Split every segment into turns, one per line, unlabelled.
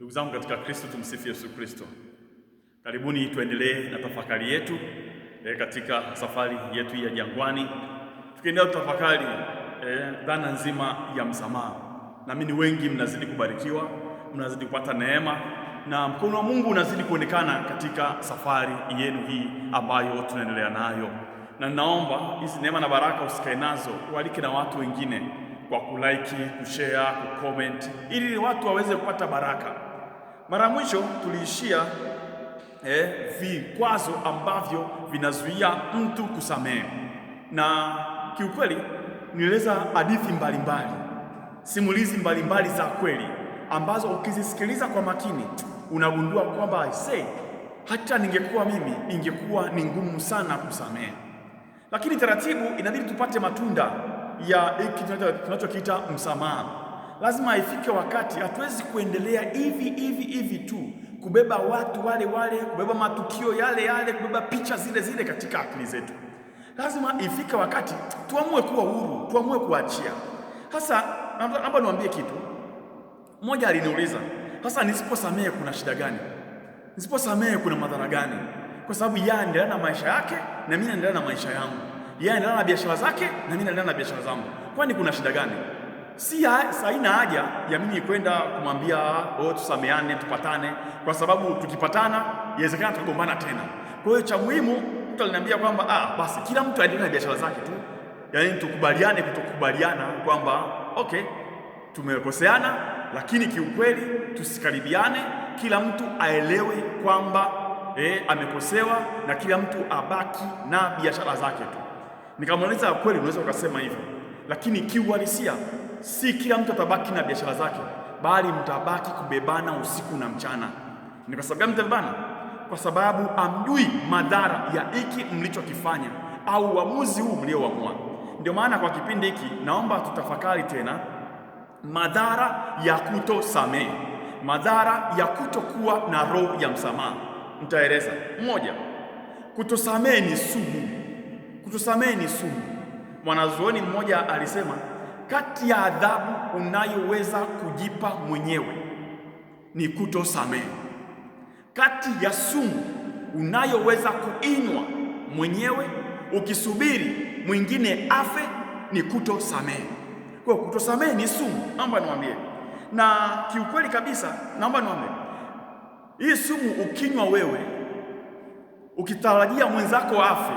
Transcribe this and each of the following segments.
Ndugu zangu katika Kristo, tumsifu Yesu Kristo. Karibuni tuendelee na tafakari yetu e, katika safari yetu ya jangwani, tukiendelea kutafakari e, dhana nzima ya msamaha. Naamini wengi mnazidi kubarikiwa, mnazidi kupata neema na mkono wa Mungu unazidi kuonekana katika safari yenu hii ambayo tunaendelea nayo, na ninaomba hizi neema na baraka usikae nazo, ualike na watu wengine kwa kulike, kushare, kucomment ili watu waweze kupata baraka mara mwisho tuliishia eh, vikwazo ambavyo vinazuia mtu kusamehe, na kiukweli nieleza hadithi mbalimbali, simulizi mbalimbali za kweli ambazo ukizisikiliza kwa makini unagundua kwamba aisee, hata ningekuwa mimi ingekuwa ni ngumu sana kusamehe, lakini taratibu inabidi tupate matunda ya hiki tunachokiita msamaha lazima ifike wakati, hatuwezi kuendelea hivi hivi hivi tu kubeba watu wale wale, kubeba matukio yale yale, kubeba picha zile zile katika akili zetu. Lazima ifike wakati tuamue kuwa huru, tuamue kuachia. Sasa naomba niwaambie kitu. Mmoja aliniuliza sasa, nisiposamehe kuna shida gani? Nisiposamehe kuna madhara gani? Kwa sababu yeye anaendelea na maisha yake na mimi naendelea na maisha yangu, yeye anaendelea na biashara zake na mimi naendelea na biashara zangu, kwani kuna shida gani? si haina haja ya mimi kwenda kumwambia oh, tusameane tupatane, kwa sababu tukipatana inawezekana tukagombana tena. Kwa hiyo cha muhimu mtu aliniambia kwamba ah, basi kila mtu aendelee na biashara zake tu, yaani tukubaliane kutokubaliana kwamba okay, tumekoseana lakini kiukweli tusikaribiane, kila mtu aelewe kwamba eh, amekosewa na kila mtu abaki na biashara zake tu. Nikamweleza kweli, unaweza ukasema hivyo, lakini kiuhalisia si kila mtu atabaki na biashara zake, bali mtabaki kubebana usiku na mchana. Ni kwa sababu gani mtabebana? Kwa sababu amjui madhara ya hiki mlichokifanya au uamuzi huu mlioamua. Ndio maana kwa kipindi hiki naomba tutafakari tena madhara ya kutosamehe, madhara ya kutokuwa na roho ya msamaha. Nitaeleza. Moja, kutosamehe ni sumu. Kutosamehe ni sumu. Mwanazuoni mmoja alisema kati ya adhabu unayoweza kujipa mwenyewe ni kutosamehe. Kati ya sumu unayoweza kuinywa mwenyewe ukisubiri mwingine afe ni kutosamehe. Kwa hiyo kutosamehe ni sumu, naomba niwaambie, na kiukweli kabisa, naomba niwaambie hii sumu ukinywa wewe ukitarajia mwenzako afe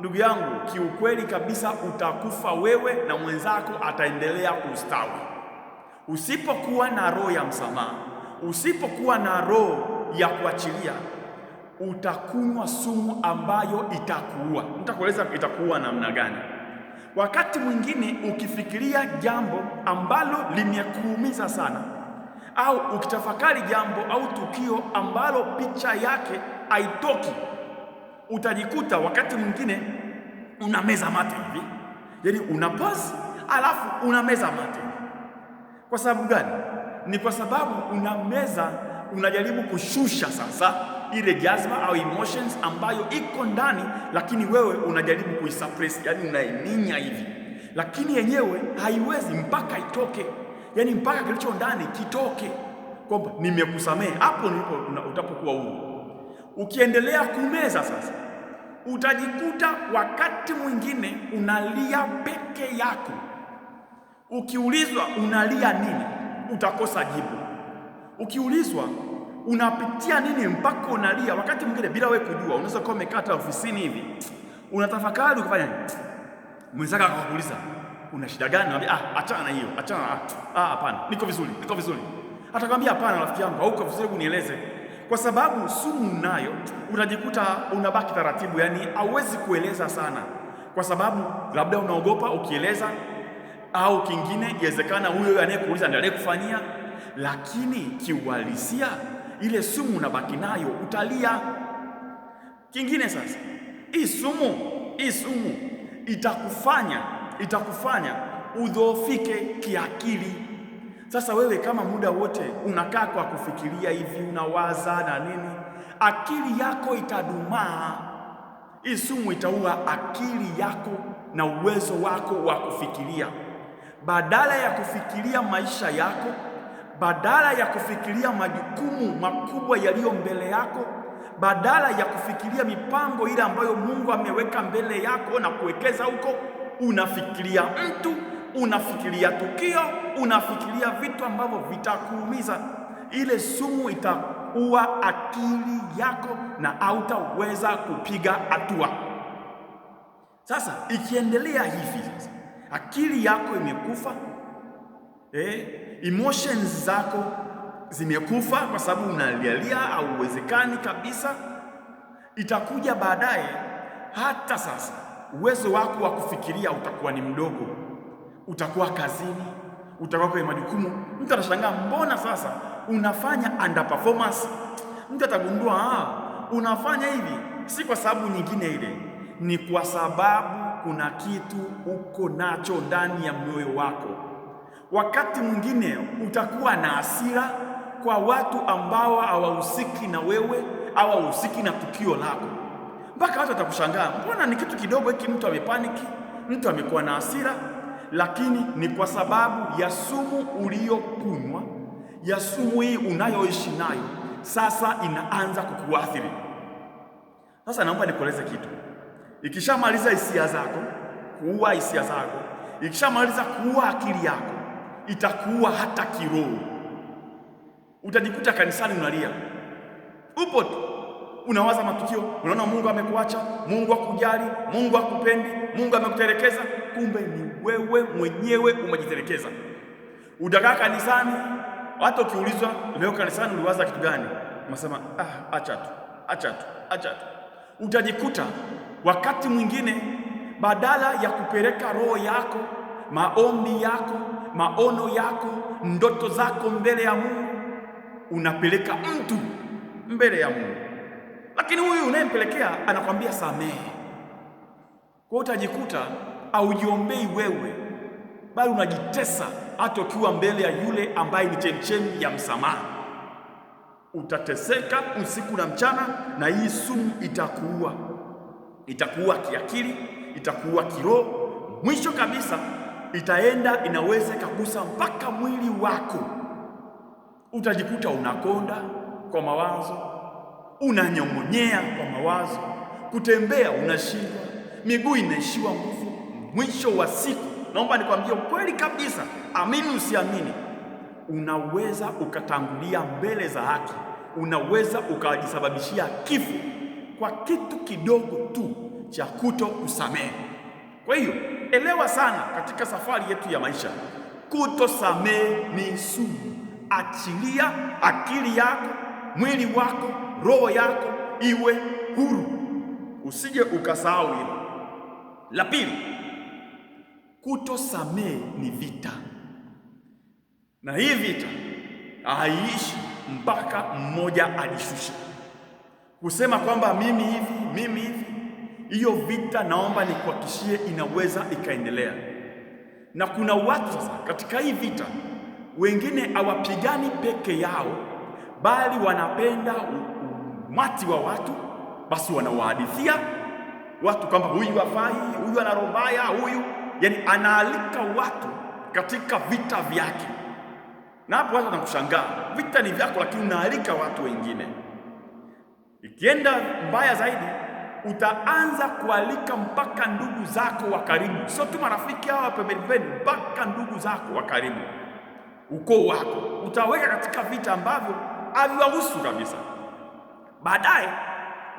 ndugu yangu, kiukweli kabisa utakufa wewe na mwenzako ataendelea kustawi. Usipokuwa na roho ya msamaha, usipokuwa na roho ya kuachilia, utakunywa sumu ambayo itakuua. Nitakueleza itakuua namna gani. Wakati mwingine ukifikiria jambo ambalo limekuumiza sana, au ukitafakari jambo au tukio ambalo picha yake haitoki utajikuta wakati mwingine unameza mate hivi, yaani una pause alafu unameza mate. Kwa sababu gani? Ni kwa sababu unameza, unajaribu kushusha sasa ile jazba au emotions ambayo iko ndani, lakini wewe unajaribu kuisuppress, yani unaeninya hivi, lakini yenyewe haiwezi mpaka itoke, yani mpaka kilicho ndani kitoke, kwamba nimekusamehe. Hapo ndipo utapokuwa huru. Ukiendelea kumeza sasa, utajikuta wakati mwingine unalia peke yako. Ukiulizwa unalia nini, utakosa jibu. Ukiulizwa unapitia nini mpaka unalia, wakati mwingine bila wewe kujua, unaweza kuwa umekata ofisini hivi unatafakari, ukifanya mwenzako akakuuliza una shida gani? Anambia ah, achana na hiyo, achana. Ah, ah, hapana, niko vizuri, niko vizuri. Atakwambia hapana, rafiki yangu, hauko vizuri, kunieleze kwa sababu sumu unayo, unajikuta unabaki taratibu, yani hauwezi kueleza sana, kwa sababu labda unaogopa ukieleza, au kingine iwezekana huyo anayekuuliza ndiye anayekufanyia. Lakini kiuhalisia ile sumu unabaki nayo, utalia. Kingine sasa, hii sumu hii sumu itakufanya itakufanya udhoofike kiakili. Sasa wewe kama muda wote unakaa kwa kufikiria hivi, unawaza na nini, akili yako itadumaa. Hii sumu itaua akili yako na uwezo wako wa kufikiria. Badala ya kufikiria maisha yako, badala ya kufikiria majukumu makubwa yaliyo mbele yako, badala ya kufikiria mipango ile ambayo Mungu ameweka mbele yako na kuwekeza huko, unafikiria mtu unafikiria tukio, unafikiria vitu ambavyo vitakuumiza. Ile sumu itaua akili yako na hautaweza kupiga hatua. Sasa ikiendelea hivi, sasa akili yako imekufa eh, emotions zako zimekufa kwa sababu unalialia, uwezekani kabisa. Itakuja baadaye, hata sasa uwezo wako wa kufikiria utakuwa ni mdogo utakuwa kazini, utakuwa kwenye majukumu. Mtu atashangaa mbona sasa unafanya under performance. Mtu atagundua ah, unafanya hivi si kwa sababu nyingine ile, ni kwa sababu kuna kitu uko nacho ndani ya moyo wako. Wakati mwingine utakuwa na hasira kwa watu ambao hawahusiki na wewe au hawahusiki na tukio lako, mpaka watu watakushangaa, mbona ni kitu kidogo hiki, mtu amepaniki, mtu amekuwa na hasira lakini ni kwa sababu ya sumu uliyokunywa, ya sumu hii unayoishi nayo sasa inaanza kukuathiri. Sasa naomba nikueleze kitu. Ikishamaliza hisia zako, kuua hisia zako, ikishamaliza kuua akili yako, itakuua hata kiroho. Utajikuta kanisani unalia, upo tu unawaza matukio, unaona Mungu amekuacha, Mungu akujali, Mungu akupendi, Mungu amekutelekeza. Kumbe ni wewe mwenyewe umejitelekeza. Utakaa kanisani, hata ukiulizwa leo kanisani uliwaza kitu gani, unasema ah, acha tu, acha tu, acha tu. Utajikuta wakati mwingine badala ya kupeleka roho yako, maombi yako, maono yako, ndoto zako mbele ya Mungu, unapeleka mtu mbele ya Mungu lakini huyu unayempelekea anakwambia samehe. Kwa utajikuta aujiombei wewe, bali unajitesa hata ukiwa mbele ya yule ambaye ni chemchemi ya msamaha. Utateseka usiku na mchana, na hii sumu itakuua, itakuua kiakili, itakuua kiroho, mwisho kabisa itaenda inaweza ikagusa mpaka mwili wako. Utajikuta unakonda kwa mawazo unanyong'onyea kwa mawazo, kutembea unashindwa, miguu inaishiwa nguvu. Mwisho wa siku, naomba nikwambie ukweli kabisa, amini usiamini, unaweza ukatangulia mbele za haki, unaweza ukajisababishia kifo kwa kitu kidogo tu cha kuto kusamehe. Kwa hiyo elewa sana katika safari yetu ya maisha, kutosamehe ni sumu. Achilia akili yako, mwili wako roho yako iwe huru, usije ukasahau hilo. La pili, kutosamehe ni vita, na hii vita haiishi mpaka mmoja ajishushe kusema kwamba mimi hivi mimi hivi. Hiyo vita, naomba nikuhakishie, inaweza ikaendelea, na kuna watu katika hii vita wengine hawapigani peke yao, bali wanapenda umati wa watu, basi wanawahadithia watu kwamba huyu hafai, huyu ana roho mbaya, huyu yani, anaalika watu katika vita vyake, na hapo watu wanakushangaa. Vita ni vyako, lakini unaalika watu wengine. Ikienda mbaya zaidi, utaanza kualika mpaka ndugu zako wa karibu, sio tu marafiki hawa pembeni pembeni, mpaka ndugu zako wa karibu, ukoo wako utaweka katika vita ambavyo haviwahusu kabisa. Baadaye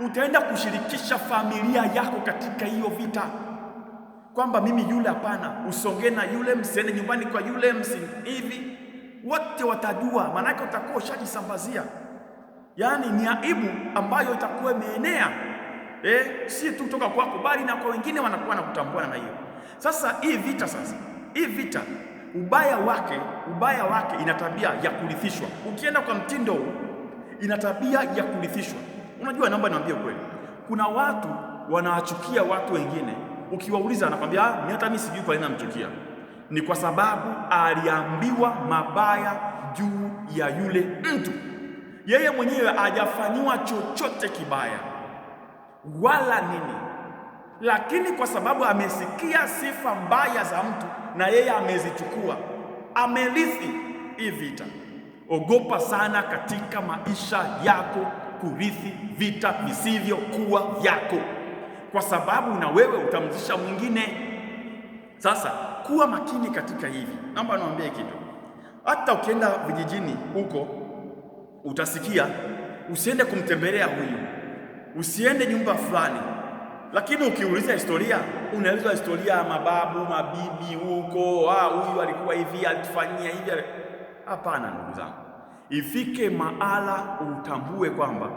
utaenda kushirikisha familia yako katika hiyo vita, kwamba mimi yule, hapana, usongee na yule, msiende nyumbani kwa yule, msi hivi, wote watajua, maanake utakuwa ushajisambazia. Yaani ni aibu ambayo itakuwa imeenea eh, si tu kutoka kwako, bali na kwa wengine wanakuwa na kutambua na hiyo. Sasa hii vita sasa, hii vita ubaya wake, ubaya wake ina tabia ya kurithishwa. Ukienda kwa mtindo huu ina tabia ya kurithishwa. Unajua, naomba niambie ukweli, kuna watu wanawachukia watu wengine, ukiwauliza anakwambia ah, hata mimi sijui kwa nini namchukia. Ni kwa sababu aliambiwa mabaya juu ya yule mtu, yeye mwenyewe hajafanyiwa chochote kibaya wala nini, lakini kwa sababu amesikia sifa mbaya za mtu na yeye amezichukua, amerithi hii vita. Ogopa sana katika maisha yako kurithi vita visivyokuwa vyako, kwa sababu na wewe utamzisha mwingine. Sasa kuwa makini katika hivi. Naomba niwaambie kitu, hata ukienda vijijini huko utasikia, usiende kumtembelea huyu, usiende nyumba fulani lakini ukiuliza historia unaelezwa historia ya mababu mabibi huko. Ah, huyu alikuwa hivi, alitufanyia hivi. Hapana ndugu zangu, ifike maala utambue kwamba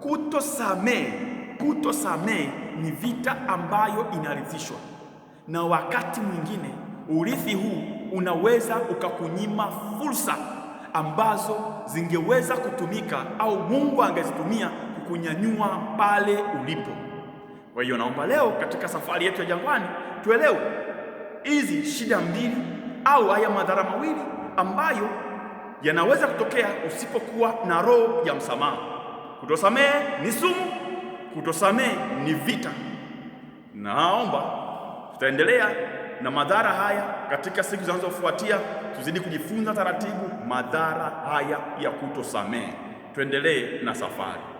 kutosamehe, kutosamehe ni vita ambayo inarithishwa, na wakati mwingine urithi huu unaweza ukakunyima fursa ambazo zingeweza kutumika au Mungu angezitumia kukunyanyua pale ulipo. Kwa hiyo naomba leo katika safari yetu ya jangwani tuelewe hizi shida mbili au haya madhara mawili ambayo yanaweza kutokea usipokuwa na roho ya msamaha. Kutosamehe ni sumu, kutosamehe ni vita. Naomba tutaendelea na madhara haya katika siku zinazofuatia, tuzidi kujifunza taratibu madhara haya ya kutosamehe. Tuendelee na safari.